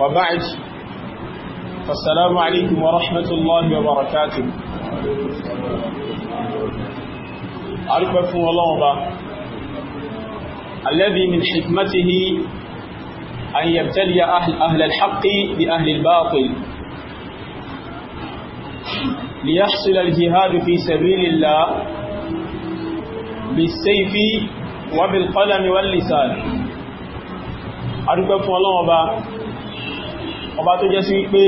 وبعد فالسلام عليكم ورحمة الله وبركاته أركبكم الله با الذي من حكمته أن يبتلي أهل, أهل الحق بأهل الباطل ليحصل الجهاد في سبيل الله بالسيف وبالقلم واللسان أركبكم الله با ọba tó jẹ́ sí wípé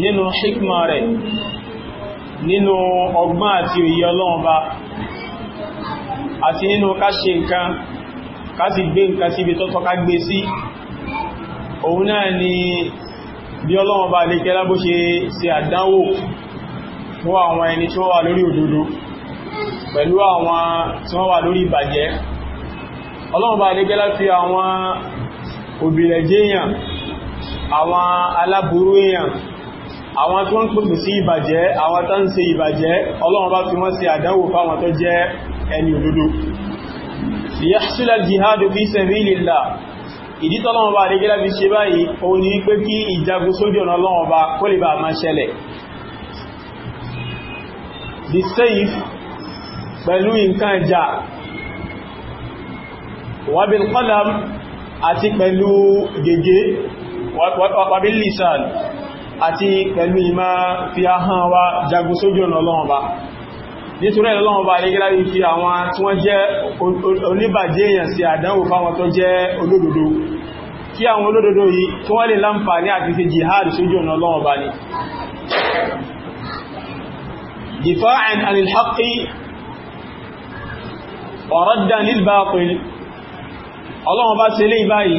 nínú hikma rẹ̀ nínú ọgbọ́n àti òye ọlọ́run ba àti nínú ká ṣe nǹkan ká sì gbé nǹkan síbi tó tọ́ ká gbé sí òun náà ni bí ọlọ́run ba lè kẹ́lá bó ṣe ṣe àdánwò fún àwọn ẹni tí wọ́n wà lórí òdodo pẹ̀lú àwọn tí wọ́n wà lórí ìbàjẹ́ ọlọ́run lè kẹ́lá fi àwọn òbìrẹ̀jẹ́yàn àwọn aláburú èèyàn àwọn tó ń pèsè sí ìbàjẹ́ àwọn tó ń ṣe ìbàjẹ́ ọlọ́run bá fi wọ́n ṣe àdánwò fáwọn tó jẹ́ ẹni òdodo liyahsula jihadu fi sabilillah ìdí tọ́lọ́run bá adégẹ́lá fi ṣe báyìí òun ni pé kí ìjagun sójú ọ̀nà ọlọ́run àti pẹ̀lú gègé wàbí lisan àti pẹ̀lú ìmá fi ahán wa jagun sójú ọ̀nà ọlọ́run ba nítorí ọlọ́run ba lè gẹ́lárí fi àwọn tí wọ́n jẹ́ oníbàjẹ́ èèyàn sí àdánwò fáwọn tó jẹ́ olódodo kí àwọn olódodo yìí tí wọ́n lè láǹfààní àti fi jihad bá ṣe lè báyìí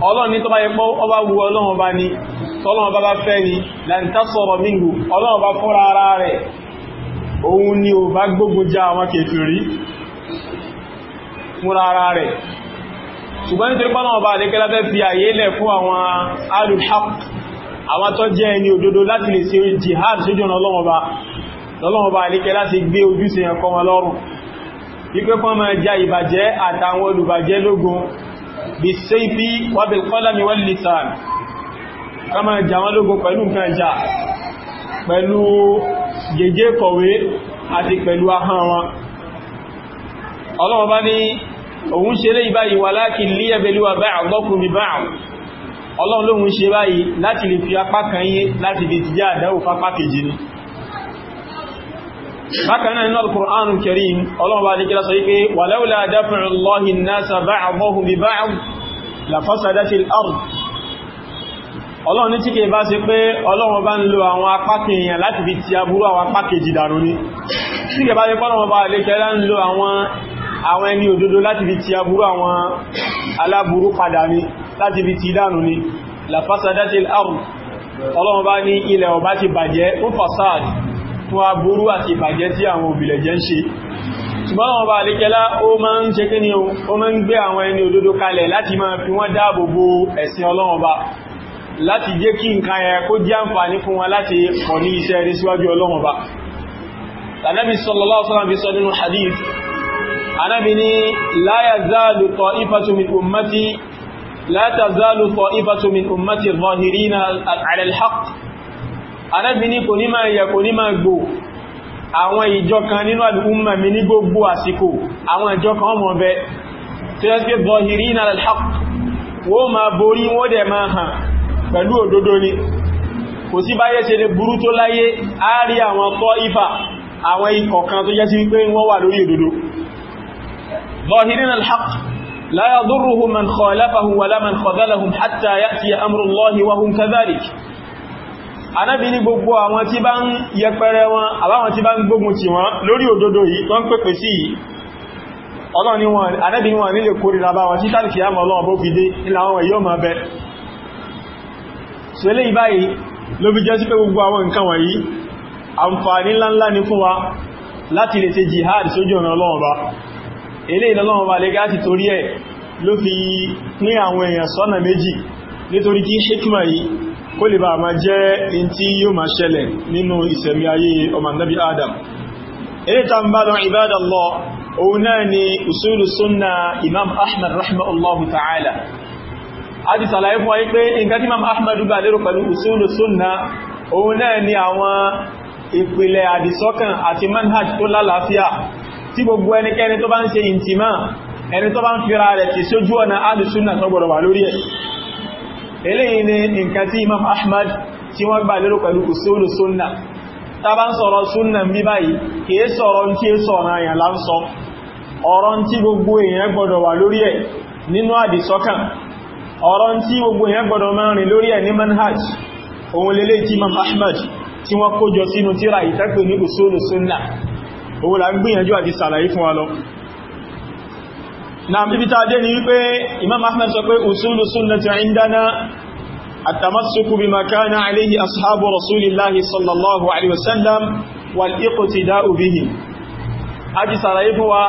ọlọ́run ní tó bá yẹ pọ́ ọba wu ọlọ́run ọba ni tọ́lọ́run ọba bá fẹ́ ni làǹtàsọ̀rọ̀ minhu ọlọ́run ọba fúnra ara rẹ̀ òun ni ò bá gbógun já àwọn kèfèrí fúnra ara rẹ̀ ṣùgbọ́n nítorí pọ́nà ọba àdékẹ́lá fẹ́ fi àyè lẹ̀ fún àwọn alùhaq àwọn tó jẹ́ ẹni òdodo láti lè ṣe jihad sójú ọ̀nà ọlọ́run ọba lọ́lọ́run ọba àdékẹ́lá ti gbé ojúṣe ẹ̀kọ́ wọn lọ́rùn wípé kọ́ máa ja ìbàjẹ́ àtàwọn olùbàjẹ́ lógun bisayfi wa bil qalami wal lisan kama jà wọ́n lógun pẹ̀lú nǹkan ìjà pẹ̀lú gègé kọ̀wé àti pẹ̀lú ahọ́n wọn ọlọ́wọ́ bá ní òun ṣe lé ìbáyìí walakin liyabluwa ba'dakum bi ba'd ọlọ́run lóhun ṣe báyìí láti lè fi apá kan yé láti lè ti jẹ́ àdáwò fápá kejì ni bákanáà inú al-Qur'an al-Karim ọlọ́run bá díkílá sọ wípé walaula daf'ullahi an-nasa ba'dahum bi ba'd la fasadatil ard ọlọ́run ní tí kìí bá sí pé ọlọ́run bá ń lo àwọn apákì èèyàn láti fi ti aburú àwọn apákì jìdànù ní tí kìí bá sí pọ́lọ́run bá lè kẹ́lá ń lo àwọn ẹni òdodo láti fi ti aburú àwọn aláburú padà ní láti fi ti dànù ní la fasadatil ard ọlọ́run bá ní ilẹ̀ ọba ti bàjẹ́ ó fasad fún aburú àti ìbàjẹ́ tí àwọn òbìlẹ̀jẹ́ ń ṣe ṣùgbọ́n wọn bá alékẹ́lá ó máa ń ṣe kí ni ó máa ń gbé àwọn ẹni òdodo kalẹ̀ láti máa fi wọ́n dáàbò bo ẹ̀sìn Ọlọ́run bá láti jẹ́ kí nǹkan ẹ kó jẹ́ àǹfààní fún wọn láti kọ̀ ní iṣẹ́ rí síwájú Ọlọ́run bá Ànábì Ànábì ní kò ní máa yẹ kò ní máa gbò àwọn ìjọ kan nínú àdúgbùmọ̀ mi ní gbogbo àsìkò àwọn ìjọ kan mọ̀ bẹ tí ó pé bọ̀hìrí na alhaq wọ́n ma borí wọ́n dẹ̀ máa hàn pẹ̀lú òdodo ni kò sí báyé ṣe lè burú tó láyé á àwọn tọ́ ifà àwọn ikọ̀ kan tó jẹ́ sí wípé wọ́n wà lórí òdodo bọ̀hìrí na alhaq لا يضرهم من خالفهم ولا من anábi ní gbogbo àwọn tí bá ń yẹpẹrẹ wọn àbáwọn tí bá ń gbógun ti wọn lórí òdodo yìí wọ́n pèpè sí yìí ọlọ́ni wọn anábi wọn nílè kórìíra bá wọn tí tàbí àmọ́ ọlọ́wọ́ bó fi dé ilá wọn yóò máa bẹ ṣẹlẹ̀ ìbáyìí ló fi jẹ́ sí pé gbogbo àwọn nǹkan wọ̀nyí àǹfààní ńláńlá ni fún wa láti lè ṣe jihad sójú ọ̀nà nítorí kí ń ṣe túnmà yìí kó lè bá ma jẹ́ in tí yóò ma ṣẹlẹ̀ nínú ìsẹ̀mí ayé ọmọ nabi adam ilé ta ń bá lọ ibadallah òun náà ni usulu sunna imam ahmad rahimahullahu ta'ala a ti sàlàyé fún wáyé pé nǹkan tí imam ahmad gbà lérò pẹ̀lú usulu sunna òun náà ni àwọn ìpìlẹ̀ àdìsọ́kàn àti eléyìí ni nǹkan tí imam ahmad tí wọ́n gbà lérò pẹ̀lú usulu sunna ta bá ń sọ̀rọ̀ sunna bí báyìí kìí sọ̀rọ̀ tí é sọ̀rọ̀ àyàn lánsọ ọ̀rọ̀ tí gbogbo èèyàn gbọdọ̀ wà lórí ẹ̀ nínú àdìsọ́kàn ọ̀rọ̀ tí gbogbo èèyàn gbọdọ̀ máa rìn lórí ẹ̀ ní manhaj ohun lélé tí imam ahmad tí wọ́n kójọ sínú tíra ìtẹ́pẹ̀ ní usulu sunna òun là ń gbìyànjú àti sàlàyé fún wa lọ na bíbítà dé ni wípé imam ahmad sọ pé usulu sunna indana التمسك بما كان عليه أصحاب رسول الله صلى الله عليه وسلم والاقتداء به أجي سرايبوا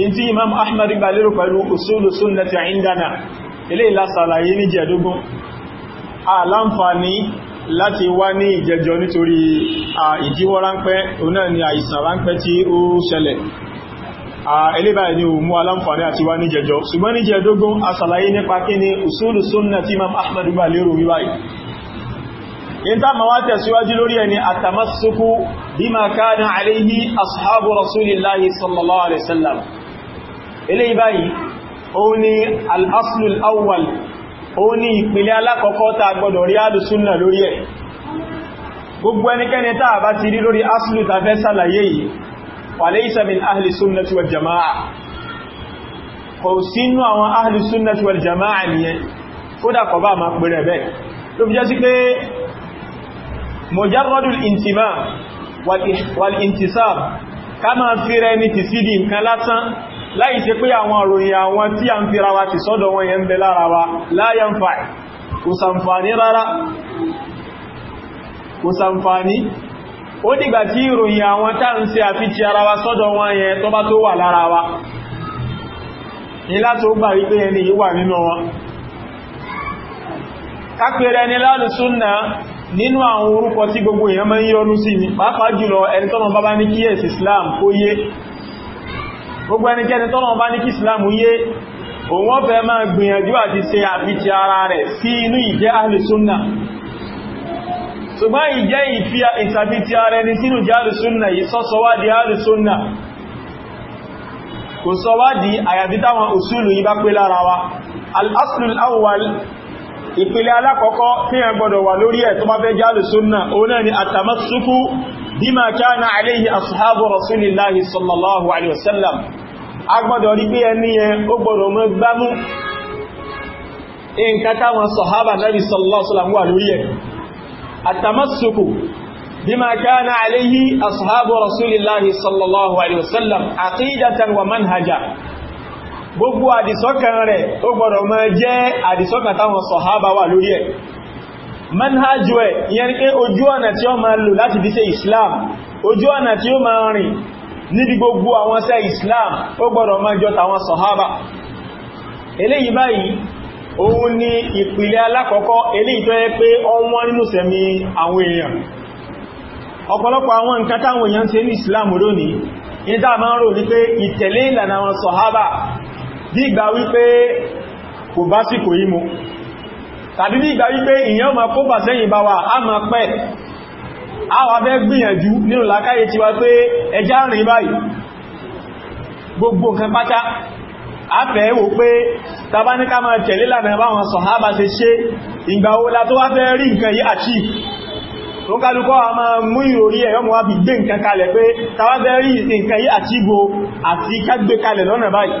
ينتي إمام أحمد باليرو قالوا أصول سنة عندنا إليه لا سرايني جدوبون àlàǹfààní láti wá ní ìjẹjọ nítorí ìdíwọ́ ráńpẹ́ òun náà ni àìsàn ráńpẹ́ tí ó ṣẹlẹ̀ ẹlébà ni ò mú aláǹfààní àti wá ní jẹjọ ṣùgbọ́n ní jẹdógún asàlàyé nípa kí ni usulu sunna tí Imam Ahmad gbà lérò wíwáyìí in ta ma wá tẹ̀síwájú lórí ẹni àtàmásùkú bima kana alayhi ashabu rasulillahi sallallahu alaihi wasallam eléyìí báyìí ó ní al-aslu al-awwal ó ní ìpìlẹ̀ alákọ̀ọ́kọ́ ta gbọdọ̀ rí alùsúnnà lórí yìí فليس من أهل السنة والجماعة قوسين وعن أهل السنة والجماعة فدا قبا ما قبل بك لو بجاسك مجرد الانتماء والانتصاب كما في رأيني تسيدي كالاتسان láì ṣe pé àwọn àròyìn àwọn tí a ń fi rawa ti sọ́dọ̀ wọn yẹn bẹ lára wa láyé ń fà kò sàǹfàní rárá kò sàǹfàní ó dìgbà tí ìròyìn àwọn táà ń ṣe àfi ti ara wa sọ́dọ̀ wọn yẹn tó bá tó wà lára wa ní láti ó gbà wípé ẹni yìí wà nínú wọn kápẹ̀rẹ̀ ni lálùsúnnà nínú àwọn orúkọ tí gbogbo èèyàn mẹ́ yọ́nú sí ni pàápàá jùlọ ẹni tọ́nà bá bá ní kí ẹ̀sì Islam kó yé gbogbo ẹnikẹ́ni tọ́nà bá ní kí Islam yé òun fẹ́ máa gbìyànjú àti se àfi ti ara rẹ̀ sí inú ìjẹ́ ahlùsúnnà ṣùgbọ́n ìjẹ́ ìfíà ìsàbí ti ara ẹni sínú jẹ́ alùsúnnà yìí sọ́sọ́wádìí alùsúnnà kò sọ́wádìí àyàbí táwọn òṣùlù yìí bá pé lára wa al-aslul awwal ìpele alákọ̀ọ́kọ́ tí a gbọdọ̀ wà lórí ẹ̀ tó bá fẹ́ jẹ́ alùsúnnà òun náà ni àtàmásúkú bima kana alayhi ashabu rasulillahi sallallahu alaihi wasallam a gbọdọ̀ rí pé ẹni yẹn ó gbọdọ̀ mọ́ gbámú التمسك بما كان عليه أصحاب رسول الله صلى الله عليه وسلم عقيدة ومنهجا gbogbo àdìsọ́kàn rẹ̀ ó gbọ́dọ̀ mọ́ jẹ́ àdìsọ́kàn táwọn sọ̀hábà wà lórí ẹ̀ manhajú ẹ̀ ìyẹn pé ojú ọ̀nà tí ó máa lò láti bí ṣe islam ojú ọ̀nà tí ó máa rìn níbi gbogbo àwọn ṣe islam ó gbọ́dọ̀ mọ́ jọ táwọn sọ̀hábà òun ni ìpìlẹ̀ alákọ̀ọ́kọ́ eléyìí tó yẹ pé ọwọ́n nínú sẹ̀mí àwọn èèyàn ọ̀pọ̀lọpọ̀ àwọn nǹkan táwọn èèyàn ní Islam lónìí ní dáa máa ń rò wípé ìtẹ̀lé ìlànà àwọn sọ̀hábà bí ìgbà wípé kò bá sí kò ma a ma pẹ́ gbogbo afẹ́ wò pé tàbáníká máa tẹ̀lé lànà báwọn sọ̀hábà ṣe ṣe ìgbàwó tó wá fẹ́ rí nǹkan yí àti tó kálukọ́ a máa mú ìròrí ẹ̀yọ́ mọ́ bí gbé nǹkan kalẹ̀ pé tàbá fẹ́ rí nǹkan yí àti àti kágbé kalẹ̀ lọ́nà báyìí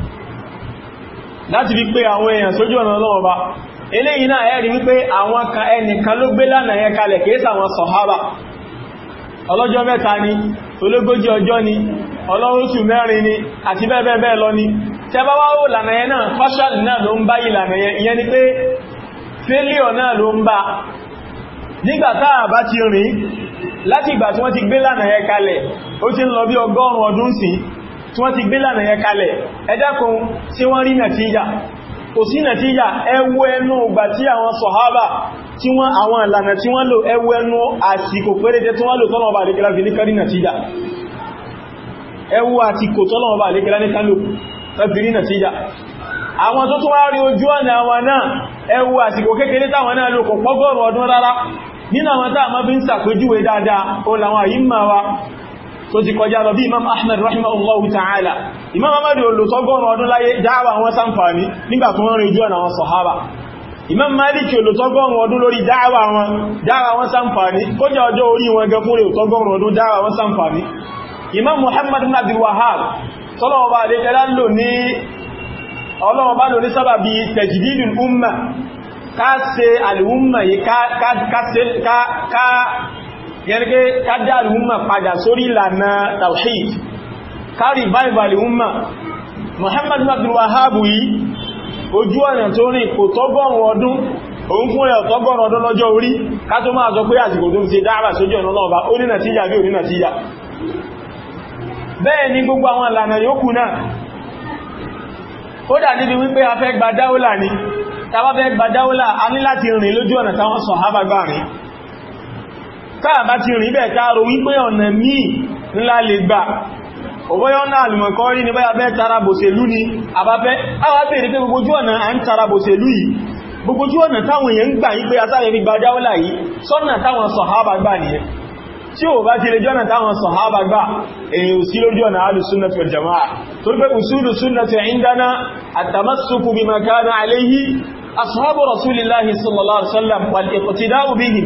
láti fi pé àwọn èèyàn sójú ọ̀nà Ọlọ́run bá eléyìí náà ẹ̀rí wípé àwọn kan ẹnìkan ló gbé lánàá yẹn kalẹ̀ kìí sàwọn sọ̀hábà ọlọ́jọ́ mẹ́ta ni ológójì ọjọ́ ni ọlọ́rúsù mẹ́rin ni àti bẹ́ẹ̀bẹ́ẹ̀ lọ ni tẹ́bá wá ó lànà yẹn náà fásàlì náà ló ń bá ìlànà yẹn ìyẹn ni pé fẹ́líọ̀ náà ló ń bá nígbàtá àbá ti rìn láti ìgbà tí wọ́n ti gbé lànà yẹn kalẹ̀ tí wọ́n ti gbé lànà yẹn kalẹ̀ ẹ̀dàkùn tí wọ́n rí nàtíjà kò sí nàtíjà ẹwú ẹnu ìgbà tí àwọn sọ̀hábà tí wọ́n àwọn ìlànà tí wọ́n lò ẹwú ẹnu àsìkò péréte tí wọ́n lò tọ́nà ọba àdékẹ́lá fi ní kárí nàtíjà ẹwú àsìkò tọ́nà ọba àdékẹ́lá ní kálò tọ́fi rí nàtíjà àwọn tó tún wá rí ojú ọ̀nà àwọn náà ẹwú àsìkò kékeré táwọn náà lò wa tó ti kọjá lọ bí imam ahmed rahimahullahu ta'ala imam ahmed olùtọ́gọ́rùn ọdún láyé dáwà wọn sáǹfàní nígbà tó wọ́n rìn jù ọ̀nà wọn sọ̀hábà imam maliki olùtọ́gọ́rùn ọdún lórí dáwà wọn dáwà wọn sáǹfàní kójá ọjọ́ orí wọn gẹ fún olùtọ́gọ́rùn ọdún dáwà wọn sáǹfàní imam muhammad ibn abdul wahab tọ́lọ́wọ́ bá lè tẹ́lá yẹn pé kádàrí padà sórí ìlànà tawhid kárí báìbàlì umma Muhammad Abdul Wahhab yìí ojú ọ̀nà tó rí kò tọ́gọ́rùn ọdún òun fún ẹ̀ tọ́gọ́rùn ọdún lọ́jọ́ orí ká tó máa sọ pé àsìkò tó ń ṣe dáàbà sójú ọ̀nà náà bá ó ní káàbá ti rìn bẹ́ẹ̀ káàrò wípé ọ̀nà míì ńlá lè gbà ọ̀bọ́yọ́ náà lùmọ̀kọ́ rí ní báyá bẹ́ tara bòṣèlú ni àbábẹ́ àwá bèèrè pé gbogbo ojú ọ̀nà à ń tara bòṣèlú yìí gbogbo ojú ọ̀nà táwọn èèyàn ń gbà yí pé asáré fi gba dáwọ́là yìí sọ́nà táwọn sọ̀hábà gbà nìyẹn tí ò bá ti lè jọ́nà táwọn sọ̀hábà gbà èyí ò sí lójú ọ̀nà alùsúnnàtì wal jamaa tó pé usulu sunnati indana at-tamassuku bima kana alayhi ashabu rasulillahi sallallahu alaihi wasallam wal iqtida'u bihim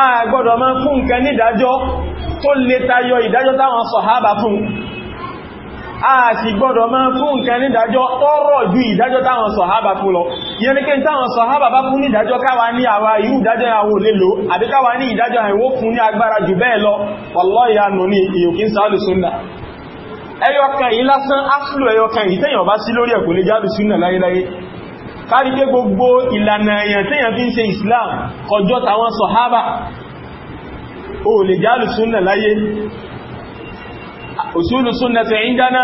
a gbọ́dọ̀ máa fún nǹkan nídájọ́ tó lè tayọ ìdájọ́ táwọn sọ̀hábà fún a sì gbọ́dọ̀ máa fún nǹkan nídájọ́ tọ́rọ̀ ju ìdájọ́ táwọn sọ̀hábà fún lọ ìyẹn ni kí táwọn sọ̀hábà bá fún nídájọ́ káwa ní àwa irú ìdájọ́ àwọn olè lò àbí káwa ní ìdájọ́ àìwó fún ní agbára jù bẹ́ẹ̀ lọ wallahi nù ní ìyòkín sáàlù súnnà ẹyọkàn yìí lásán áfìlò ẹyọkàn yìí tẹ́yàn bá sí lórí ẹ̀kùnlé jáàlù súnnà láyéláyé kárí pé gbogbo ìlànà èèyàn tí èèyàn fi ń ṣe Islam kọjọ́ tàwọn sọ̀hábà o lè jálù súnnà láyé usulu sunnati indana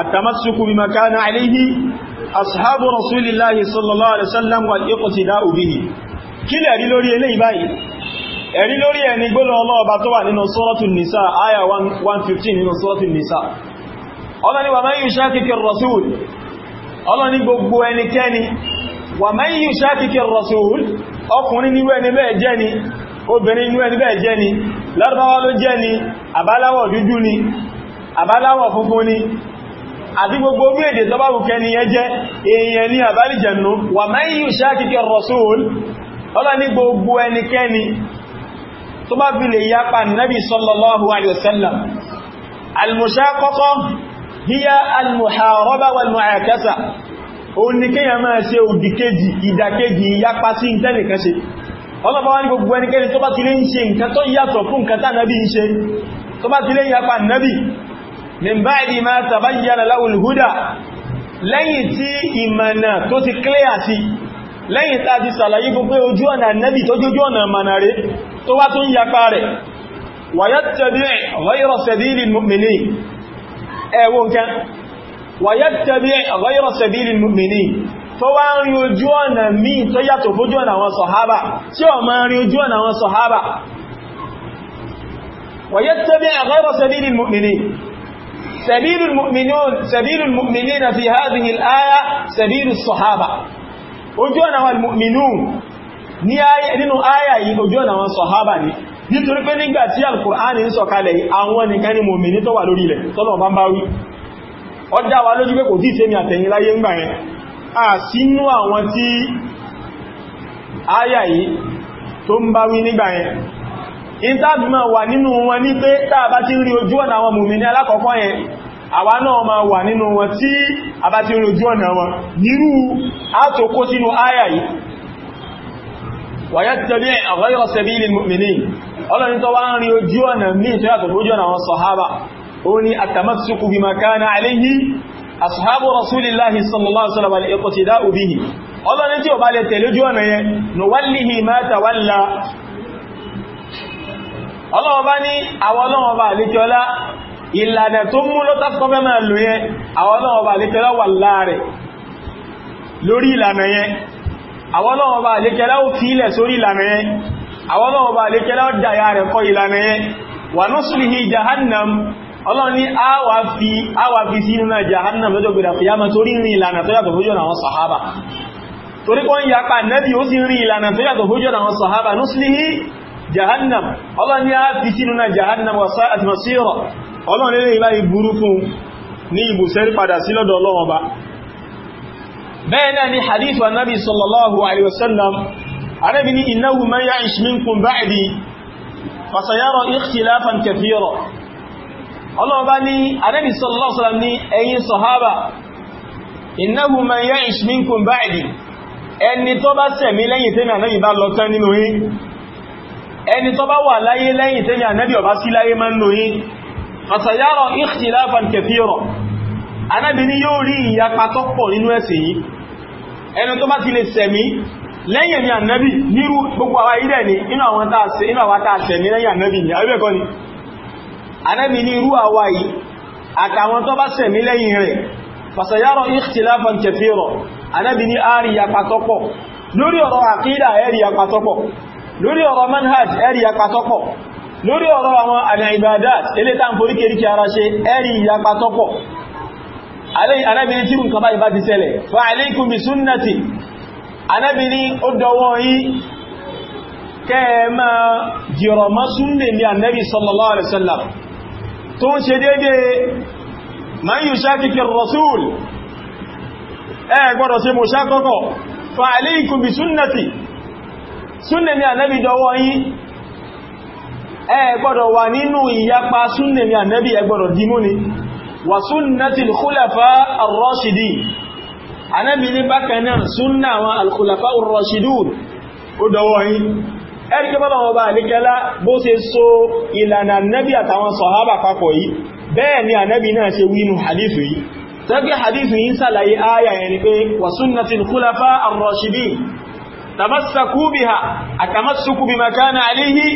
at-tamassuku bima kana alayhi ashabu rasulillahi sallallahu alaihi wasallam wal iqtida'u bihi kila ri lórí eléyìí báyìí ẹ̀rí lórí ẹni gbọ́lọ̀ wà nínú suratul nisa aya 115 nínú suratul nisa ọlọ́ni wa man yushaqiqir ọlọ́ni gbogbo ẹnikẹ́ni wà mẹ́yìn ìṣàkìkẹ́ rọ̀sùl ọkùnrin nínú ẹni bẹ́ẹ̀ jẹ́ ni obìnrin nínú ẹni bẹ́ẹ̀ jẹ́ ni lọ́rọ̀báwá ló jẹ́ ni àbáláwọ̀ dúdú ni àbáláwọ̀ funfun ni àti gbogbo orí èdè tó bá wùkẹ́ jẹ́ èèyàn ní àbálìjẹ̀nú wà mẹ́yìn ìṣàkìkẹ́ rọ̀sùl ọlọ́ni gbogbo ẹnikẹ́ni tó bá lè yapa nabi sallallahu hiya al-muharaba wal-mu'akasa òun ni kíyà máa ṣe òdìkejì ìdàkejì ìyapa sí ìtẹ́nìkan ṣe ọlọ́pàá wá ní gbogbo ẹnikẹ́ni tó bá ti lè ń ṣe nǹkan tó yàtọ̀ fún nǹkan tá nábi ń ṣe tó bá ti yapa rẹ̀ tó wá tún yapa rẹ̀ wa ẹwọ nǹkan wàyẹ́tẹ̀bí ọ̀gọ́yọ̀ sẹ̀bílì mùmìnì tó wá ń rí ojú ọ̀nà míì tó yàtọ̀ fójú ọ̀nà àwọn sọ̀hábà tí ó máa rí ojú ọ̀nà àwọn sọ̀hábà wàyẹ́tẹ̀bí ọ̀gọ́yọ̀ sẹ̀bílì nítorí pé nígbà tí alkùránì ń sọ̀kalẹ̀ àwọn nìkan ni mòmìnì tó wà lórí ilẹ̀ tọ́lọ̀ bá ń bá wí ó dá wa lójú pé kò tí ìsẹ́mi àtẹ̀yìn láyé ń gbà yẹn a sínú àwọn tí áyà yìí tó ń bá wí nígbà yẹn ìtàbímọ̀ wà nínú wọn ní pé táà bá ti rí ojú ọ̀nà àwọn mòmìnì alákọ̀ọ́kọ́ yẹn àwa náà ma wà nínú wọn tí a bá ti rí ojú ọ̀nà wọn nírú àtòkó sínú áyà yìí wà yá ti tẹ̀lé àwọn ìrọ̀sẹ̀bí ilẹ̀ mòmìnì ọlọ́rin tó wá ń rí ojú ọ̀nà ní ìtọ́yàtọ̀ lójú ọ̀nà wọn sọ̀hábà ó ní àtàmásùkú bí makana aléyí ashabu rasulillahi sallallahu alaihi wasallam al-iqtida'u bihi ọlọ́rin tí ó bá lè tẹ̀lé ojú ọ̀nà yẹn nuwallihi ma tawalla ọlọ́wọ́ bá ní àwọn ọlọ́wọ́ bá lè kíọlá ìlànà tó àwọn ọlọ́wọ́ bá lè kẹ́lá dáyà rẹ̀ kọ́ ìlànà yẹn wà nuslihi jahannam ọlọ́run ní àwà fi sínú náà jahannam lọ́jọ́ gbèrà fìyàmà tó rí rìn ìlànà tó yàtọ̀ fójọ́ àwọn sàhábà torí kọ́ ń yapa nẹ́bí ó sì rí ìlànà tó yàtọ̀ fójọ́ àwọn sàhábà nuslihi jahannam ọlọ́run ní àfi sínú náà jahannam wà sá àti masíra ọlọ́run lè bá ìburú fún ní ibùsẹ́rí padà sí lọ́dọ̀ ọlọ́run ọba bẹ́ẹ̀ náà ni hadith wa nabi sallallahu alaihi wasallam Ànábì ní innahu man ya'ish minkum ba'di fasayara ikhtilafan kathira Ọlọ́run bá ní Ànábì sallallahu alaihi wasallam ní ẹ̀yin sàhábà innahu man ya'ish minkum ba'di ẹni tó bá ṣẹ̀mí lẹ́yìn tèmi Ànábì bá lọ tán nínú yín ẹni tó bá wà láyé lẹ́yìn tèmi Ànábì ó bá sí láyé máa ń nù yín fasayara ikhtilafan ẹni tó bá ti lè ṣẹ̀mí lẹ́yìn ni ànábì nírú gbogbo àwa ilẹ̀ ni inú àwọn tààsẹ̀ inú àwọn tààsẹ̀ ní lẹ́yìn ànábì ni àwẹ́bẹ̀ kọ́ ni ànábì ní irú àwa yìí àtàwọn tó bá sẹ̀mí lẹ́yìn rẹ̀ fasayarọ̀ ikhtilafan kathira ànábì ní àrí yapatọ́pọ̀ lórí ọ̀rọ̀ àkídà ẹ̀rí yapatọ́pọ̀ lórí ọ̀rọ̀ manhaj ẹ̀rí yapatọ́pọ̀ lórí ọ̀rọ̀ àwọn al-ibadat ilé tàn foríkèríkè ara ṣe ẹ̀rí yapatọ́pọ̀ ànábì ní tírù nǹkan báyìí bá ti fa alaykum bi anábi ní ó dọwọ́ yìí kẹ́ ẹ máa jìrọ̀ mọ́ súnlẹ̀ ní anábi sallallahu alaihi wasallam tó ń ṣe dédé man yushaqiqi ar-rasul ẹ gbọ́dọ̀ ṣe mọ̀ ṣákọ́kọ́ fa alaykum bi sunnati súnnẹ̀ ni ànẹ́bì dọwọ́ yín ẹ wà nínú ìyapa súnnẹ̀ ni ànẹ́bì ẹ dìmú ni wà sunnati al-khulafa ar-rashidin anábi ní bákanáà súnnà àwọn alkhulafa ar-rashidun ó dọwọ́ yìí ẹ́rìkẹ́ bàbá wọn bá àlékẹ́lá bó ṣe so ìlànà anábi àtàwọn sọ̀hábà papọ̀ yìí bẹ́ẹ̀ ni anábi náà ṣe wínú hadithu yìí sẹ́gbẹ́ hadithu yìí sàlàyé ayà عليه ni pé wà sunnati al-khulafa ar-rashidin tamassaku biha atamassuku bima kana alayhi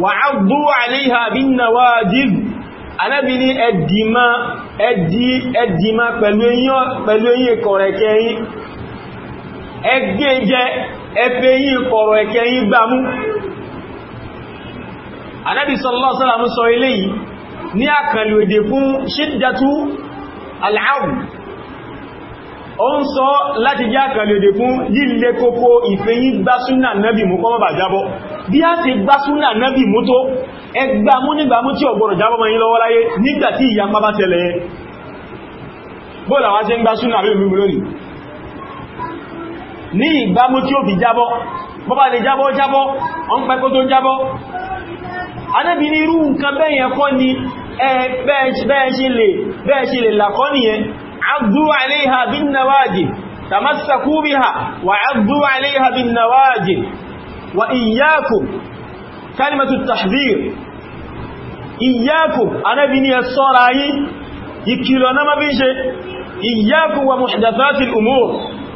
wà ágbó àléhà bí nàwà jílù anábi ní ẹdìmá pẹ̀lú eyín kọ̀rọ̀ ẹ̀kẹ́ yín ẹgbẹ́ jẹ ẹfẹ́ yín kọ̀rọ̀ ẹ̀kẹ́ yín gbámú anábi sallallahu alaihi wasallam ní àkànlò èdè fún ṣídàtú al ó ń sọ láti jẹ́ àkàlẹ̀dẹ̀ fún líle kókó ìfẹ́yìn gbásúnà nábì mú kọ́mọ́ bà jábọ́ bí a ti gbásúnà nábì mú tó ẹgbàmú nígbàmú tí ọ̀gbọ̀rọ̀ jábọ́ mọ́ yín lọ́wọ́ láyé nígbàtí ìyapa bá tẹ̀lẹ̀ bóòlà wá ṣe ń gbásúnà rí òmìnir lónìí ní ìgbàmú tí ó fi jábọ́ bọ́bá lè jábọ́ nìyẹn عضوا عليها بالنواجذ تمسكوا بها وعضوا عليها بالنواجذ وإياكم كلمة التحذير إياكم أنا بني الصراعي يكيلو نما بيجي إياكم ومحدثات الأمور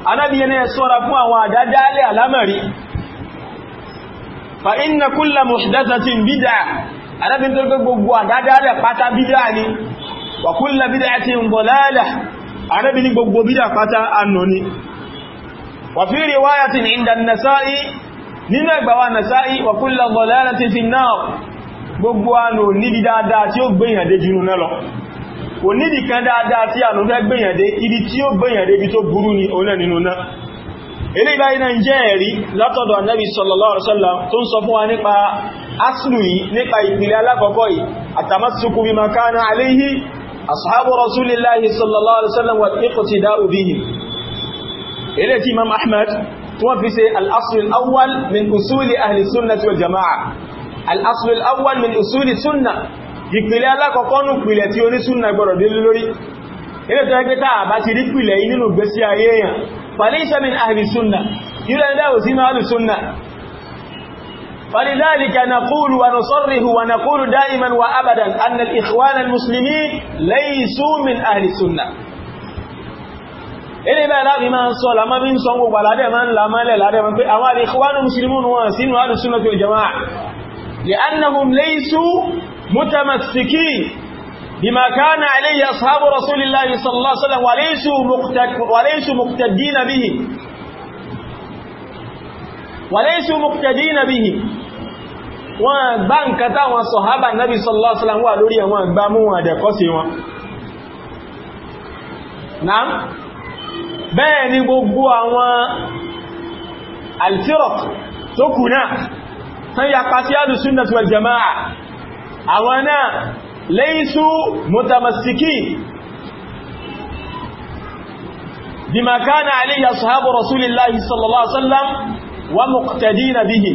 أنا بني الصراعي وعدد علي الأمر فإن كل محدثة بدعة أنا بنترك بقوة عدد علي قطع بدعني وكل بدعة ضلالة Ànábì ní gbogbo bídà pátá ànà ni wa fi riwayatin inda an-Nasa'i nínú ẹgbàwà Nasa'i wa kullu dhalalatin fi an-nar gbogbo ànà nídi dáadáa tí ó gbéyàndé jínú náà kò nídi kan dáadáa tí ànà fẹ́ gbéyàndé ibi tí ó gbéyàndé ibi tó burú ni ọ̀nà nínú náà ashabu rasulillahi sallallahu alaihi wasallam wa iqtida'u bihim ilé tí imam ahmad tí wọ́n fi ṣe al'asul awwal min usuli ahli sunnati wal jama'a al'asul awwal min usuli sunna ìpìlẹ̀ alákọ̀ọ́kọ́ nù pìlẹ̀ tí oní sunna gbọ́rọ̀ dé lórí ilé tó ẹgbẹ́ta àbá ti rí pìlẹ̀ yìí nínú gbésí ayé èèyàn falaysa min ahli sunna yílẹ̀ ẹ̀dá òsínà ahli sunna فلذلك نقول ونصره ونقول دائما وأبدا أن الإخوان المسلمين ليسوا من أهل السنة ele ba la bi ma sọ la ma bí so wo wala de ma la ma le la de ma wọn awa àwọn al-ikhwanu muslimun wa sinu ala sunnati wal jamaa li annahum laysu mutamassikin bima kana alayhi ashabu rasulillahi sallallahu alayhi wasallam wa laysu muqtadin bihi wa laysu muqtadin bihi wọ́n gbá nǹkan táwọn sọ̀hábà nábi sallallahu alaihi wasallam wà lórí àwọn àgbá mú wọn àdẹ̀kọ́ sí wọn náà bẹ́ẹ̀ ni gbogbo àwọn al-firq tó kù náà tán ya pàtí al-sunnah wa muqtadina bihi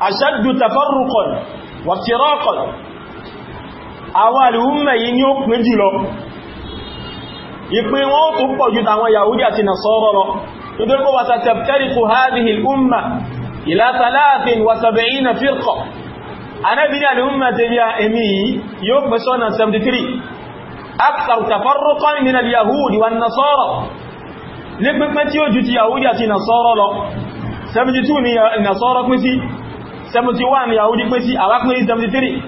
aṣaddu tafarruqan wa firaqan àwọn àlùmọ̀ yìí ni ó pín jùlọ ìpín wọn tó pọ̀ jù tàwọn yahudi àti nasọ́rọ̀ lọ nítorí pé wàtàtàbtàríkù hadhihi al-umma ila thalathin wa sab'ina firqa anábìnrin àlùmọ̀ tẹ́bí ẹ̀mí yìí yóò pẹ̀ sọ́nà 73 akthar tafarruqan 72 ni nasọ́rọ̀ pín sí 71 yahudi pé sí àwa pín 73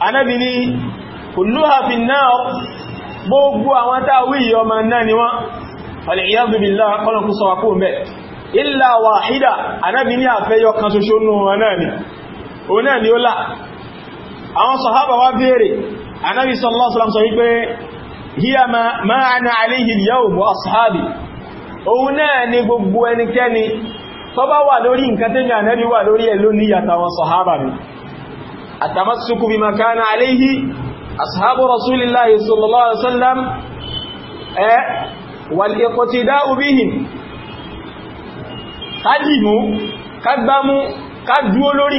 anábi ni kulluha fin nar gbogbo àwọn táwí ọmọ náà ni wọ́n al-iyadhu billah kọ́nà kú sọwakó mẹ́ illa wahida anábi ní àfẹ́yọ kan ṣoṣo nù wọn náà ni o náà ni ó lá àwọn gbogbo ẹnikẹ́ni tó bá wà lórí nǹkan tẹ́mi ànábì wà lórí ẹ̀ ló ní àtàwọn sọ̀hábà mi àtàmásùkú bí makana aléhì ashabu rasulillahi sallallahu alaihi wasallam ẹ wal iqtida'u bihim kájìmú kágbámú kádúó lórí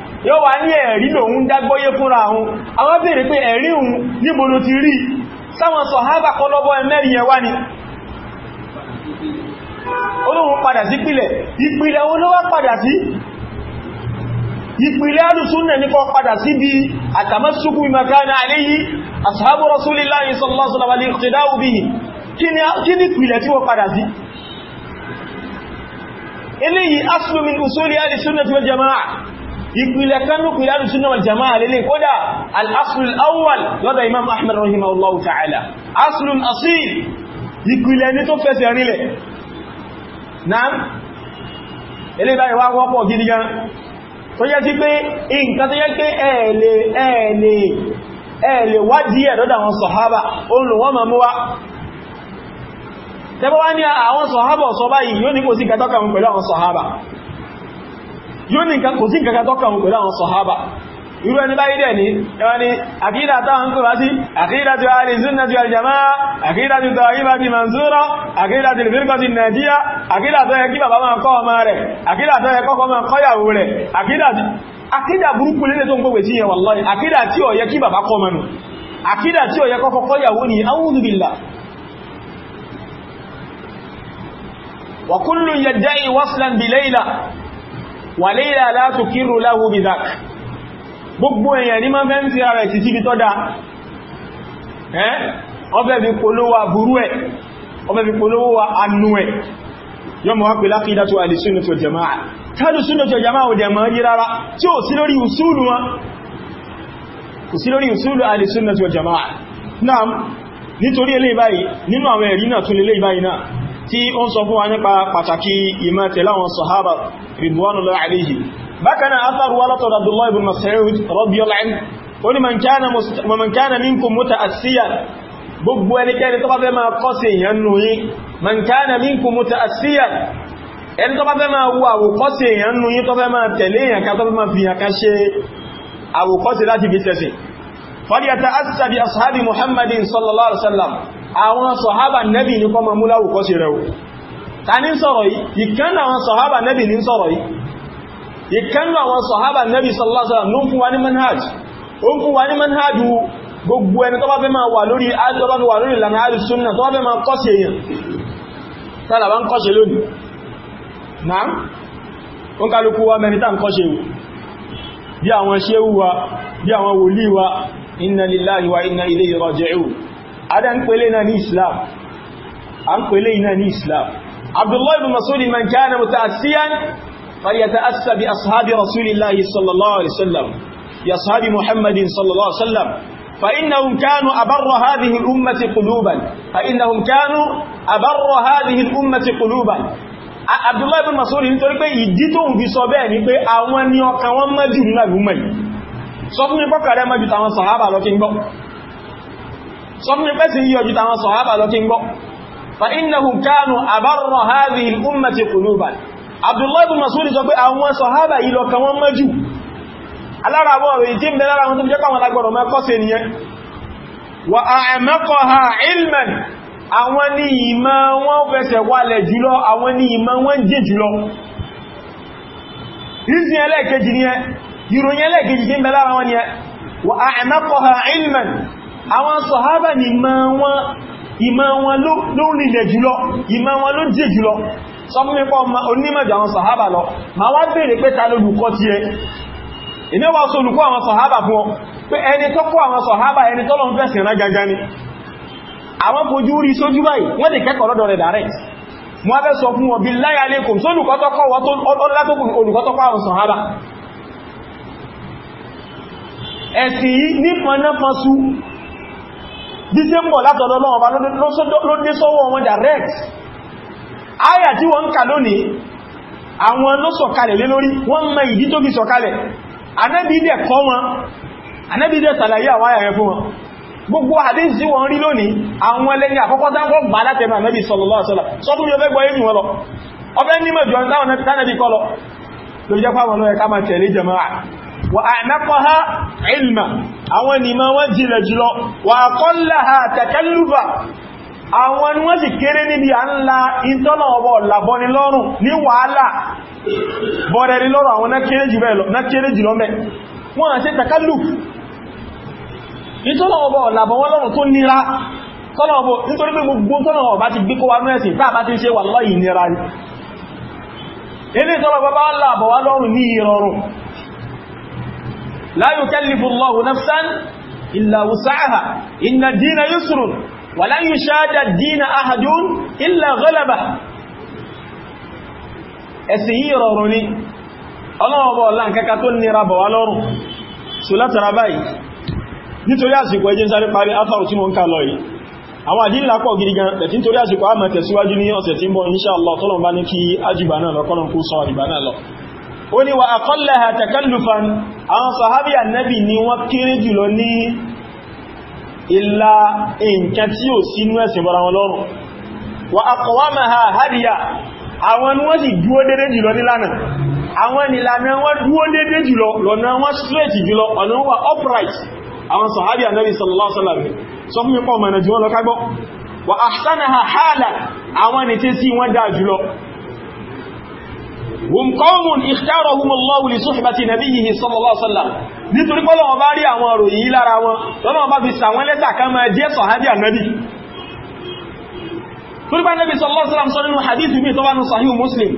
yóò wá ní ẹ̀rí lòun dágbóyé fúnra ahun àwọn bèèrè pé ẹ̀rí òun níbo ti rí sáwọn sọ̀hábà kọlọ́bọ́ ẹmẹ́rin yẹn wá ni olóhun padà sí ìpìlẹ̀ padà sí ìpìlẹ̀ ní padà sí bí àtàmásùkú ìmọ̀kánà àléyí padà sí ìpìlẹ̀ kánúkìlẹ̀ alùsùn náà jama'a lè kódà al'asulul awwal lọ́dọ̀ imam ahmed rahimahullahu ta'ala asulun asil ìpìlẹ̀ ní tó fẹsẹ̀ rílẹ̀ náà ilé báyìí wá wọ́pọ̀ gidi gan tó yẹ́ sí pé nǹkan tó yẹ́ pé ẹ̀ẹ̀lẹ̀ ẹ̀ẹ̀lẹ̀ ẹ̀ẹ̀lẹ̀ wádìí ẹ̀ lọ́dọ̀ àwọn sọ̀hábà òun lò wọ́n mọ̀mú wá tẹ́bọ́ wá ní àwọn sọ̀hábà sọ yóò ní kò sí nǹkan tọ́ka wọn pẹ̀lú àwọn sọ̀hábà irú ẹni báyìí dẹ̀ ní ẹwà ni àkídà táwọn kò wá sí àkídà tí wà ní súnnà tí wà jama'a àkídà tí tọ́ ìbá ti manzúrọ̀ àkídà tí lèfíkọ́ ti nàìjíríà àkídà tó yẹ kí bàbá máa kọ́ ọmọ rẹ̀ àkídà tó yẹ kọ́kọ́ máa kọ́yàwó rẹ̀ àkídà burúkú lélẹ̀ tó ń gbogbo sí wa kullun yadda'i waslan bi Layla wàléèlà látò kírò láhù bidak gbogbo èèyàn ní máa fẹ́ ń tira rẹ̀ títí bí tọ́dá ẹ́ ọfẹ́ fi polówó burú ẹ̀ ọfẹ́ fi polówó anú ẹ̀ yọ mọ̀ wápẹ̀ lákídá tó tó jama'a tàbí súnà tó jama'a ò jama'a yí rárá tí ò sí lórí usúlù jama'a náà nítorí eléyìí báyìí nínú àwọn ẹ̀rí tí ó ń sọ fún wa nípa pàtàkì ìmọ̀ tẹ̀lé àwọn sahaba ridwanullahi alayhi bákan náà atharu wa látọ̀dọ̀ Abdullah ibn Mas'ud radiyallahu anhu ó ní man kana minkum muta'assiyan gbogbo ẹnikẹ́ni tó bá fẹ́ máa kọ́ sí èèyàn nù yí man kana minkum muta'assiyan ẹni tó bá fẹ́ máa wo àwòkọ́sí èèyàn nù yí tó fẹ́ máa tẹ̀lé èèyàn ká tó fẹ́ àwọn sọ̀hábà nẹ́bì ní kọmọ múláwù kọ́ sí rẹ̀wò ta ní sọ̀rọ̀ yìí ìkan àwọn sọ̀hábà nẹ́bì ní sọ̀rọ̀ yìí ìkan àwọn sọ̀hábà nẹ́bì sallallahu alaihi wasallam ló ń fún wa ní manhaj ó ń fún wa ní manhaj gbogbo ẹni tó bá fẹ́ máa wà lórí adọ́bá wà lórí ìlànà alìsúnnà tó bá fẹ́ máa kọ́ sí èèyàn tààlà bá ń kọ́ sí lónìí náà ó ń wa bí àwọn ṣéwú wa bí àwọn wòlíì wa inna lillahi wa inna ilayhi adá ń pèlé náà ní islam a ń pèlé náà ní islam abdullahi ibn masudi man kana muta'assiyan falyata'assa bi ashabi rasulillahi sallallahu alaihi wasallam ya ashabi muhammadin sallallahu alaihi wasallam فإنهم كانوا أبر هذه الأمة قلوبا فإنهم كانوا أبر هذه الأمة قلوبا Abdullahi bin Mas'ud nítorí pé ìdí tó ń fi sọ bẹ́ẹ̀ ni pé àwọn ni ọkàn wọn mọ́jú nínú sọ fún mi pọ́kàrẹ́ mọ́jú tàwọn sàhábà lọ́kí ń gbọ́ sọ fún mi pẹ́ sí yíyọjú tàwọn sọ̀hábà lọ kí ń gbọ́ fa innahum kanu abarra hadhihi al-ummati quluban abdullahi bin mas'ud sọ pé àwọn sọ̀hábà yìí lọ kan wọ́n mọ́jú alára àwọn ọ̀rọ̀ ìtí ń bẹ lára wọn tó jẹ́ pàwọn agbọ̀rọ̀ mẹ́kọ́ sí ènìyàn wa a'maqaha ilman àwọn ní ìmọ̀ wọn fẹsẹ̀ wálẹ̀ jùlọ àwọn ní àwọn sọ̀hábà ni ìmọ̀ wọn ló rinlẹ̀ jùlọ ìmọ̀ wọn ló jẹ́ jùlọ sọ fún mi pé onímọ̀jù àwọn sọ̀hábà lọ ma wá bèèrè pé ta lólùkọ́ ti ẹ ìníwà sọ olùkọ́ àwọn sọ̀hábà fún ọ pé ẹni tó kọ́ àwọn sọ̀hábà ẹni tọ́lọ ń fẹ́sìn rán gangan ni àwọn fojú rí sójú báyìí wọ́n lè kẹ́kọ̀ọ́ lọ́dọ̀ rẹ̀ direct mo fẹ́ sọ fún ọbí láyà lẹ́kùn tó olùkọ́tọ́kọ́ olùkọ́tọ́kọ́ àwọn sọ̀hábà ẹ̀sìn yìí nípa náà bí ṣe ń bọ̀ látọ̀dọ̀ náà ọba ló dé sọ́wọ́ wọn direct ayà tí wọ́n ń kà lónìí àwọn ló sọ̀kalẹ̀ lé lórí wọ́n mọ ìdí tó fi sọ̀kalẹ̀ Ànábì dẹ̀ kọ́ wọn Ànábì dẹ̀ ṣàlàyé àwọn ayà yẹn fún wọn gbogbo àdínsí wọn rí lónìí àwọn ẹlẹ́ni àkọ́kọ́ dáńkọ́ gbà látẹ̀mà Ànábì sallallahu alaihi wasallam sọ fún mi ọfẹ́ gbọ́ inú wọn lọ ọfẹ́ nímọ̀ jọ táwọn tánàbí kọ́ lọ ló jẹ́ fáwọn lọ́yẹ ká máa tẹ̀lé jẹmọ́ wa a'maqaha ilma àwọn ni ma wọ́n jìlẹ̀ jùlọ wa aqallaha takallufa àwọn ni wọ́n sì kéré níbi à ń la ìtọ́nà ọwọ́ n'i lọ́rùn ní wàhálà awọn lọ́rọ̀ àwọn me jùlọ mẹ́ wọ́n à ṣe takalluf ìtọ́nà ọwọ́ làbọ́wọ́ nira tọ́nà ọwọ́ gbogbo ti wa ti nira ni la yukallifu Allahu nafsan illa wus'aha inna ad-dina yusrun wa lan yushadda ad-dina ahadun illa ghalaba ẹ̀sìn yìí rọrùn ni ọlọ́wọ́bọ̀ ọ̀lá nkẹ́kà tó nira bọ̀ wá lọ́rùn so látara báyìí nítorí àsìkò ẹjẹ́ sáré parí átàrù tí mo ń ká lọ yìí àwọn àdínlá pọ̀ ó ní wa aqallaha takallufan àwọn sàhábí ànábì ni wọ́n kéré jùlọ ní ìlà nǹkan tí ò ẹ̀sìn bọ́ra wọn lọ́rùn wa aqwamaha hadiya àwọn wọ́n sì dúó dédé jùlọ nílànà àwọn ìlànà wọ́n dúó dédé jùlọ lọ́nà wọ́n straight jùlọ ọ̀nà wọ́n upright àwọn sàhábí ànábì sallallahu alaihi hum qawmun ikhtarahum Allahu li suhbati nabiyhi sallallahu alaihi wasallam nítorí pé Ọlọ́run bá rí àwọn ròyìn lára wọn lọ́nà bá fi sàwọn lẹ́tà kan máa jẹ́ sọ̀hádì ànábì torí bá nẹ́bí sallallahu alaihi wasallam sọ nínú hadith mi tó bá nù sahih muslim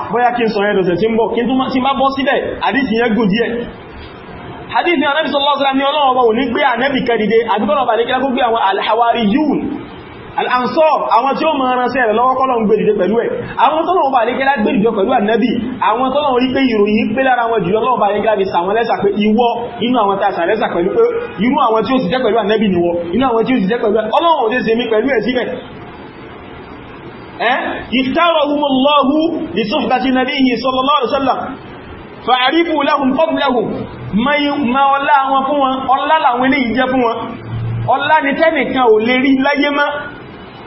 àpọ́yá ah, kí n sọ ẹ̀dọ̀sẹ̀ tí ń bọ̀ kí n bá bọ́ síbẹ̀ hadith yẹn gùn díẹ̀ hadith ni ànábì sallallahu alaihi wasallam ni Ọlọ́run bá wò ní gbé ànábì kẹ́dìde àbíkọ́nà bá ní kí lákó gbé àwọn alhawari yún al-ansar àwọn tí ó máa ránṣẹ́ rẹ̀ lọ́wọ́ kọ́lọ̀ ń gbé dìde pẹ̀lú ẹ̀ àwọn tọ́lọ̀ ọba àríkẹ́lá gbé dìde pẹ̀lú ànábì àwọn tọ́lọ̀ orí pé ìròyìn pé lára wọn jùlọ lọ́wọ́ àríkẹ́lá fi sàwọn lẹ́sà pé ìwọ inú àwọn tá a sà lẹ́sà pẹ̀lú pé irú àwọn tí ó sì jẹ́ pẹ̀lú ànábì ni wọ inú àwọn tí ó sì jẹ́ pẹ̀lú ọlọ́run ò sì mi pẹ̀lú ẹ̀ síbẹ̀ ikhtarahumullahu li suhbati nabiyyi sallallahu alaihi wasallam fa'arifu lahum fadlahum ma ọlá àwọn fún ọlá ni tẹ́nìkan ò lè rí láyé máa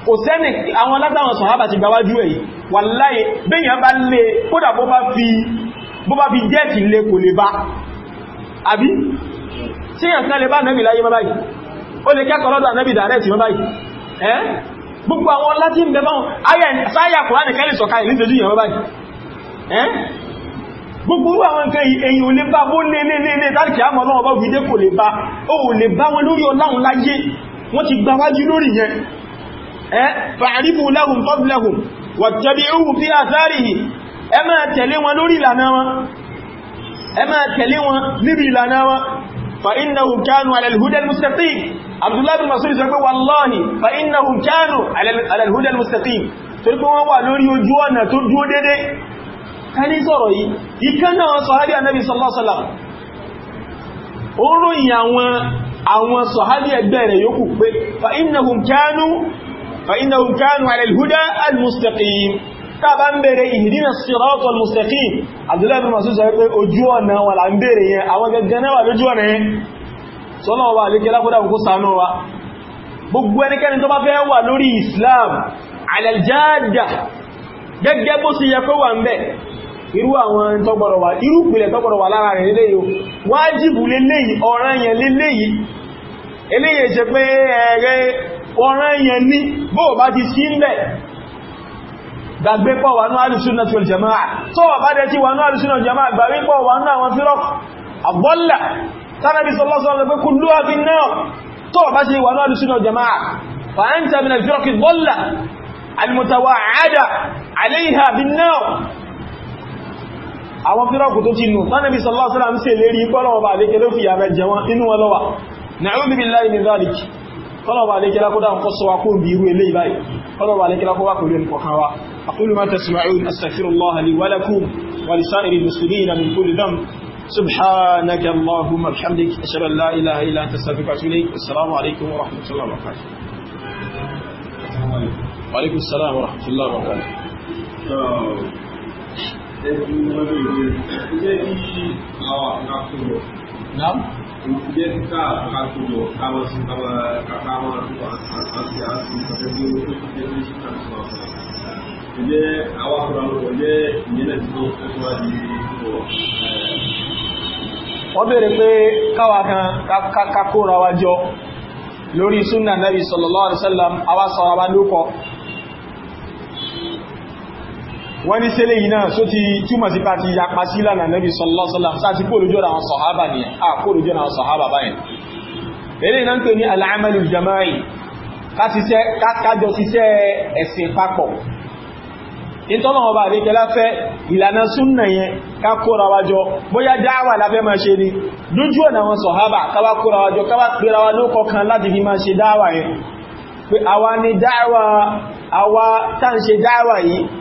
kò sẹ́nì àwọn látàwọn sọ̀hábà ti gbáwájú èyí wàláyé bẹ́yàn bá lè kódà bó bá fi jẹ́ẹ̀kì lè kò lè bá àbí tí yàn kan lè bá nẹ́bì láyé mọ́ o ó lè kẹ́kọ̀ọ́ lọ́dọ̀ nẹ́bì dàrẹ́tì mọ́ báyìí ẹ́ gbogbo àwọn láti ń bẹ báwọn ayà sáyà kùránì kẹ́lì sọ̀ka ìlíṣẹ́jú yàn mọ́ báyìí ẹ́ gbogbo orú àwọn nǹkan èyí ò lè bá bó lé lé lé lé tàbí àmọ́ ọlọ́wọ́ bá fi dé kò lè bá ó lè bá wọn lórí ọláhun láyé wọ́n ti gbáwájú lórí yẹn fa'arifu lahum qablahum wattabi'uhu fi atharihi ẹ máa tẹ̀lé wọn lórí ìlànà wọn ẹ máa tẹ̀lé wọn níbi ìlànà wọn fa'innahu kanu ala al-huda al-mustaqim abdullahi bin mas'ud sọ pé wallahi fa'innahu kanu ala al-huda al-mustaqim wà lórí ojú ọ̀nà tó dúó dédé ká ní sọ̀rọ̀ àwọn sọ̀hábí ẹgbẹ́ rẹ̀ yóò kù pé fa innahum kanu فإنهم كانوا على الهدى المستقيم طبعا بره اهدنا الصراط المستقيم عبد الله بن مسعود سọ pé ojú ọ̀nà wa là ń bèrè yẹn àwọn gangan náà wà lójú ọ̀nà yẹn sọ́nà ọba àlékẹ́ lápọ́dá ọ̀ràn èèyàn ní bó bá ti sí ilẹ̀ gbàgbé pọ̀ wà ní alùsùnà tí olùjẹmáà tó wà bá dẹ̀ tí wà ní alùsùnà jẹmáà gbàgbé pọ̀ wà ní àwọn fírọ́ àgbọ́lá tánàbí sọlọ́sọ́lọ́ pé kúlú àfi náà tó wà bá ti wà ní alùsùnà jẹmáà fàáńtà bí na fírọ́kì bọ́lá alìmọ̀tàwà àádà àléhà bí náà àwọn fírọ́kù tó ti nù tánàbí sọlọ́sọ́lọ́ kọlọ̀bà alékẹ́lá kó dáhùn kọ́sọ wa kó bí irú ilé ìbáyìí kọlọ̀bà alékẹ́lá kó wá pẹ̀lú ẹnì kọ̀kan wa aqulu ma tasma'un astaghfirullah li wa lakum wa li sa'iril muslimina min kulli dhanb subhanaka allahumma bihamdik ashhadu an la ilaha illa anta astaghfiruka wa atubu Nam? ìdílé ká àkójọ káwọn sí káwọn káwọn àti àti ìpàdébí olóṣèlú ní ṣíkà ní wọn fún ìdílé àwọn akọrọ àwọn ìdílé ìyẹnlẹ tí ó fẹ́ wá di ìwọ. wọ́n béèrè pé káwa kan kakóra wa jọ lórí súnà nàbì sallallahu alaihi wasallam àwa sọ̀rọ̀ wa wọ́n ní sílé yìí náà só ti túmọ̀ sí pàtí yapa sí lánàá Nábì sallallahu alaihi wasallam sáti kó lójú àwọn sọ̀hábà ní àkó lójú àwọn sọ̀hábà báyìí eré náà ń pè ní al-amalu al-jama'i kájọ síṣẹ́ ẹ̀sìn papọ̀ ìtọ́lọ̀wọ̀n bá àríkẹ láfẹ́ ìlànà súnnà yẹn ká kóra wa jọ bóyá dáwà láfẹ́ máa ṣe ni dójú ọ̀nà wọn sọ̀hábà káwà kóra wa jọ káwà pèrà dáwà yẹn pé ni dáwà àwa tá ń ṣe dáwà yìí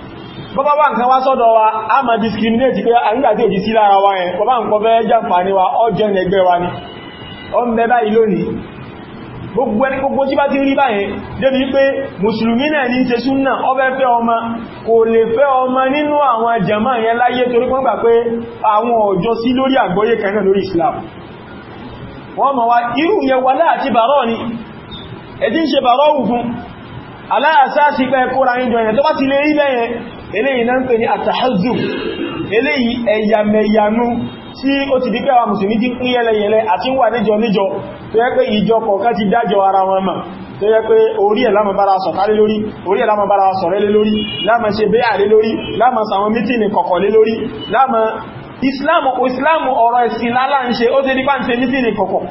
bọ́bá wà nǹkan wá sọ́dọ̀ wa a ma discriminate pé àrígbàtí èjì sí lára wa yẹn bọ́bá nǹkan fẹ́ jàǹfà ní wa ọjọ́ ẹgbẹ́ wa ni ọ ń bẹ báyìí lónìí gbogbo ẹni gbogbo tí bá ti rí báyìí débi pé musulmi náà ní ṣe súnnà ọbẹ̀ fẹ́ ọmọ kò lè fẹ́ ọmọ nínú àwọn jàmá yẹn láyé torí gbà pé àwọn ọjọ́ sí Islam wọ́n mọ̀ wá irú yẹn wà láti bàárọ̀ ni ẹ̀dí ń ṣe bàárọ̀ pẹ́ kóra ìjọ yẹn tó eléyìí náà ń pè ní àtàhàzù eléyìí ẹ̀yàmẹ̀yànú tí ó ti dípẹ́ àwọn mùsùlùmí ti pín yẹlẹyẹlẹ àti wà níjọ níjọ tó yẹ pé ìjọ kọ̀ọ̀kan ti dájọ ara wọn mọ̀ tó yẹ pé orí ẹ̀ lámà bára sọ̀tá lé lórí orí ẹ̀ lámà bára sọ̀rẹ́ lé lórí lámà ṣe bẹ́yà lé lórí lámà sàwọn mítìnì kọ̀kọ̀ lé lórí lámà ìsìláàmù ìsìláàmù ọ̀rọ̀ ẹ̀sìn lálá ń ṣe ó ti nípa ń ṣe mítìnì kọ̀kọ̀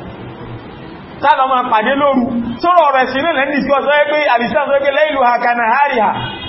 tálọ ma pàdé lóru sọ́rọ̀ ọ̀rọ̀ ẹ̀sìn nílẹ̀ ní ìsìkọ́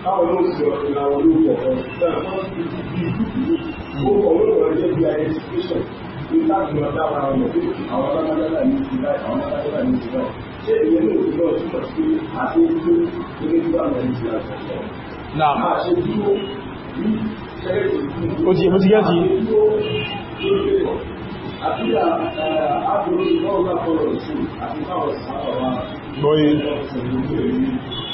káwọn àwọn alágbádá ti láì àwọn alágbádá ní ti láì ṣé ìyẹn ní òfin náà túmọ̀ sí àti ojú ilé tí wà náà ní ti láti sọ. náà máa ṣe dúró ní ṣẹ́gẹ́tì ó ti ó ti yẹ́ ti. àti àbúrò ìfọwọ́sà fọlọ̀ sí àti fáwọn sábà wa.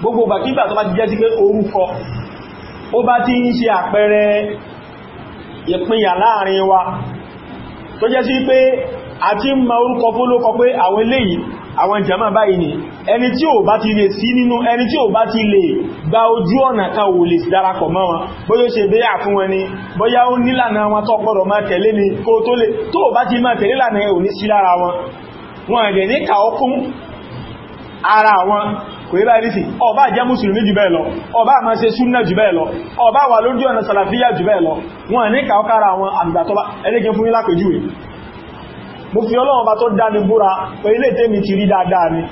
gbogbo gbàkígbà tó bá ti jẹ́ sí pé orúkọ ó bá ti ń ṣe àpẹẹrẹ ìpínyà láàrin wa tó jẹ́ sí pé a ti ń ma orúkọ fún lókọ pé àwọn eléyìí àwọn jama báyìí ni ẹni tí ò bá ti lè sí nínú ẹni tí ò bá ti lè gba ojú ọ̀nà kan ò lè darapọ̀ mọ́ wọn bóyá ṣe bẹ́yà fún wọn ni bóyá ó nílànà wọn tó gbọ́dọ̀ máa tẹ̀lé ni kó tó lè tó bá ti máa tẹ̀lé lànà ẹ̀ ò ní sí lára wọn wọn ẹ̀dẹ̀ ní kàókún ara wọn kò yíba ìrísì ọba jẹ́ mùsùlùmí jù bẹ́ẹ̀ lọ ọba ma ṣe súnnà jù bẹ́ẹ̀ lọ ọba wà lójú ọ̀nà sàlàfíyà jù bẹ́ẹ̀ lọ wọn ní kàókára àwọn àgbàtọ́bá ẹlẹ́gẹ́ fún ilápẹ̀júwe mo fi ọlọ́run bá tó dáni búra ni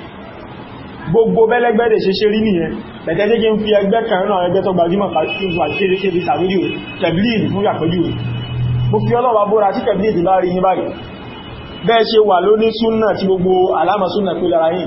gbogbo bẹ́lẹ́gbẹ́ lè ṣe ṣe rí nìyẹn bẹ̀tẹ́ tí kí n fi ẹgbẹ́ kan náà ẹgbẹ́ tó gbajúmọ̀ kàṣíṣe ṣe fi sàrídìí tẹ̀blìdì fún ìyàpẹ̀júwe mo fi ọlọ́run bẹ́ẹ̀ ṣe wà lóní súnnà tí gbogbo alámà súnnà pé yìí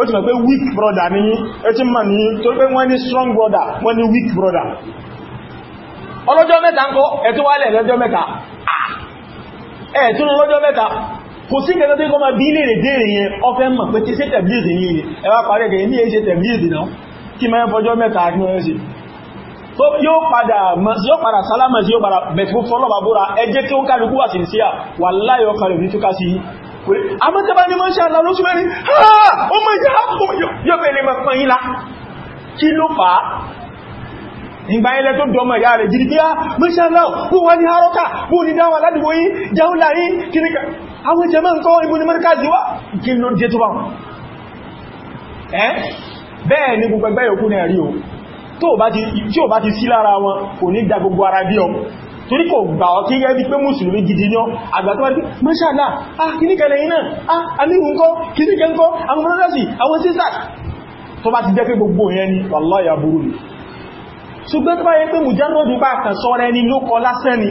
ó ti mọ̀ pé weak brother ní ẹ ti mọ̀ ní tó pé wọ́n ní strong brother wọ́n ni weak brother ọlọ́jọ́ mẹ́ta ń kọ́ ẹ̀tún wálẹ̀ lọ́jọ́ mẹ́ta ah! ẹ̀tún lọ́jọ́ mẹ́ta kò sí kẹta tí kọ́ ma bí lè dèrè yẹn ọfẹ́ mọ̀ pé tí sí tẹ̀blìdì yìí ni ẹwà parí ẹ̀kẹ́ ní èṣe tẹ̀blìdì náà kí mẹ́ fọjọ́ mẹ́ta ní wọ́n sí yóò padà sálámà sí yóò padà bẹ̀tí fún fọ́lọ́bàbúra ẹjẹ́ tí ó kálukú wà sí sí à wà láyọ̀ kálukú túká sí àmọ́ tẹ́bá ní máa ń ṣàlá lóṣù mẹ́rin ọmọ ìyá yóò fẹ́ lè máa pọ̀ yín lá kí ló fà á ìgbà ilẹ̀ tó dọmọ ìyá rẹ̀ jìdí bíá mọ́ṣálá bó wà ní harọ́ta bó ní dáwà ládùgbò yí jáúlà yí kìníkà àwọn jẹmọ́ nǹkan ibú ní mọ́ríkàzí ni o tí ò bá ti sí lára wọn kò ní dá torí kò gbà ọ kí yẹ́ bí pé mùsùlùmí gidi yán àgbàtọ́wàdí mọ́ṣàlá ah kìníkẹ̀lẹ̀ iná ah amíhùn kọ́ kìníkẹ̀ ń kọ́ àwọn brọ́dọ̀sì àwọn sisters tó bá ti jẹ́ pé gbogbo yẹn ni wallahi burú ni ṣùgbọ́n tó bá yẹ pé mùjánọ́dù bá kàn sọ́rọ̀ ẹni ló kọ lásán ni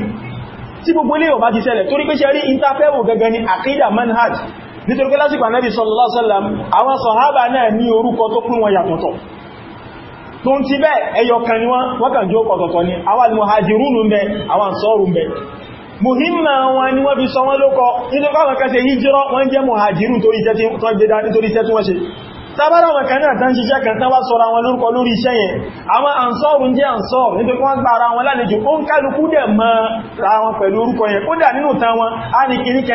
tí gbogbo ilé ò bá ti ṣẹlẹ̀ torí pé ṣe rí interfero gẹ́gẹ́ ni àkídà manhaj nítorí pé lásìkò ànábì sallallahu alaihi wasallam àwọn sàhábà náà ní orúkọ tó pín wọn yàtọ̀tọ̀ tó ń ti bẹ́ ẹyọkan ni wọ́n kàn jó ọ̀tọ̀tọ̀ ni àwọn alìmọ̀hajirúnù ń bẹ àwọn sọ́rù ń bẹ muhimma wọn ni wọ́n fi sọ wọ́n lókọ nítorí káwọn kan ṣe hijira wọ́n jẹ́ mọ̀hajirún torí iṣẹ́ tí wọ́n gbé dání torí iṣẹ́ tí wọ́n ṣe tábára wọn kan náà tán ṣiṣẹ́ kan tán wá sọ́ra wọn lórúkọ lórí iṣẹ́ yẹn àwọn ansọ́rù ń jẹ́ ansọ́rù nítorí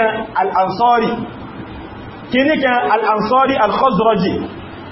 al-ansọ́rì kìníkan al-ansọ́rì al-khazraji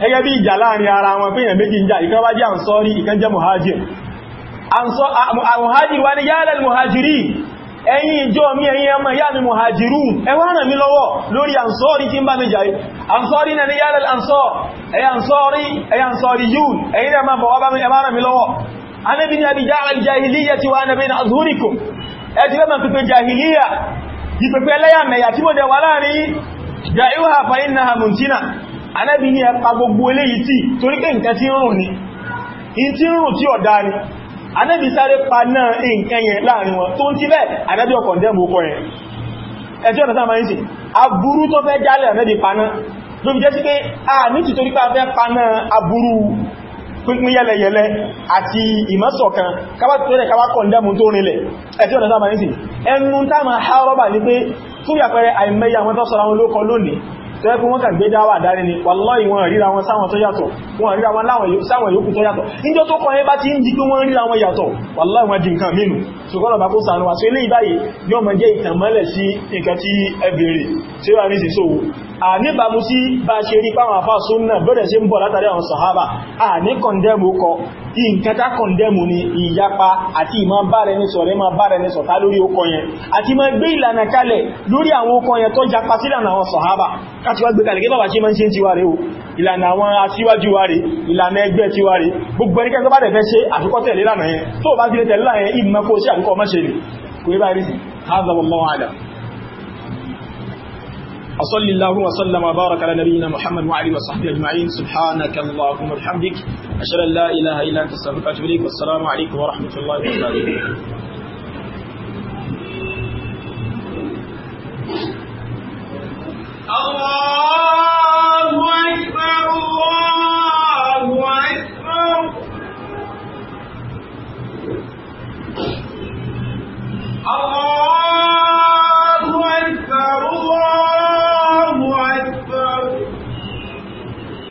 gẹ́gẹ́ bí ìjà láàrin ara wọn pé èèyàn méjì ń jà ìkan wá jẹ́ àǹsọ́rí ìkan jẹ́ muhajir muhajir wá ní yálẹ̀ muhajiri ẹ̀yin ìjọ mi ẹ̀yin ẹmọ ìyá mi muhajiru ẹ wá ràn mí lọ́wọ́ lórí àǹsọ́rí tí ń bá mi jà àǹsọ́rí na ní yálẹ̀ àǹsọ́ ẹ̀yàǹsọ́rí yún ẹ̀yin ẹmọ bọ̀ wá ràn mí lọ́wọ́ anábi ni àbíjá aljahiliya ti wá nàbí na azúríkùn ẹ Ànábì ní ẹpa gbogbo eléyìí tí torí pé nǹkan tí ń rùn ní in tí ń rùn tí ọ̀dá ni Ànábì sáré pa náà nǹkan yẹn láàrin wọn tó ń ti bẹ́ẹ̀ Ànábì ọkọ̀ dẹ́mù ọkọ̀ yẹn ẹjọ́ ọ̀nà sáàmà ìsìn aburú tó fẹ́ jálẹ̀ Ànábì paná ló fi jẹ́ sí pé a ní ti torí pé a fẹ́ paná aburú pínpín yẹlẹyẹlẹ àti ìmọ́sọ̀kan kábà tó rẹ̀ kábà kọ̀ndẹ́mù tó rinlẹ̀ ẹjọ́ ọ̀nà sáàmà yàpẹrẹ àìmẹ́yà wọn tó sọ́ra wọn ló lónìí tẹ́kù wọ́n kàn gbé dáwà dárí ni wallahi wọn ríra wọn sáwọn tó yàtọ̀ wọn ríra wọn sáwọn yòókù tó yàtọ̀ níjọ́ tó kọ̀ẹ́ bá ti ń di pé wọ́n ríra wọn yàtọ̀ wallahi wọn di nǹkan mínú ṣùgbọ́n ọ̀bá kó sànú wa so eléyìí báyìí yóò mọ̀ jẹ́ ìtànmọ́lẹ̀ sí nǹkan tí ẹ bèèrè tí ó wà ní ìsìsòwò a níbàmú sí bá ṣe rí pàwọn àfá súnnà bẹ́rẹ̀ sí ń bọ̀ látàrí àwọn sàhábà a ní kọndẹ́mù kọ ìǹkẹta kọndẹ́mù ni ìyapa àti ìmọ̀ bára ẹni sọ̀rẹ́ ma bára ẹni sọ̀tá lórí okọ yẹn àti ma gbé ìlànà kalẹ̀ lórí àwọn okọ yẹn tó japa sílànà àwọn sàhábà káti wá gbé kalẹ̀ kí bàbá ṣe máa ń ṣe tiwa rẹ̀ o ìlànà وصل الله وسلم وبارك على نبينا محمد وعلى وصحبه أجمعين سبحانك اللهم وبحمدك أشهد أن لا إله إلا أنت أستغفرك وأتوب إليك والسلام عليكم ورحمة الله وبركاته الله أكبر الله أكبر الله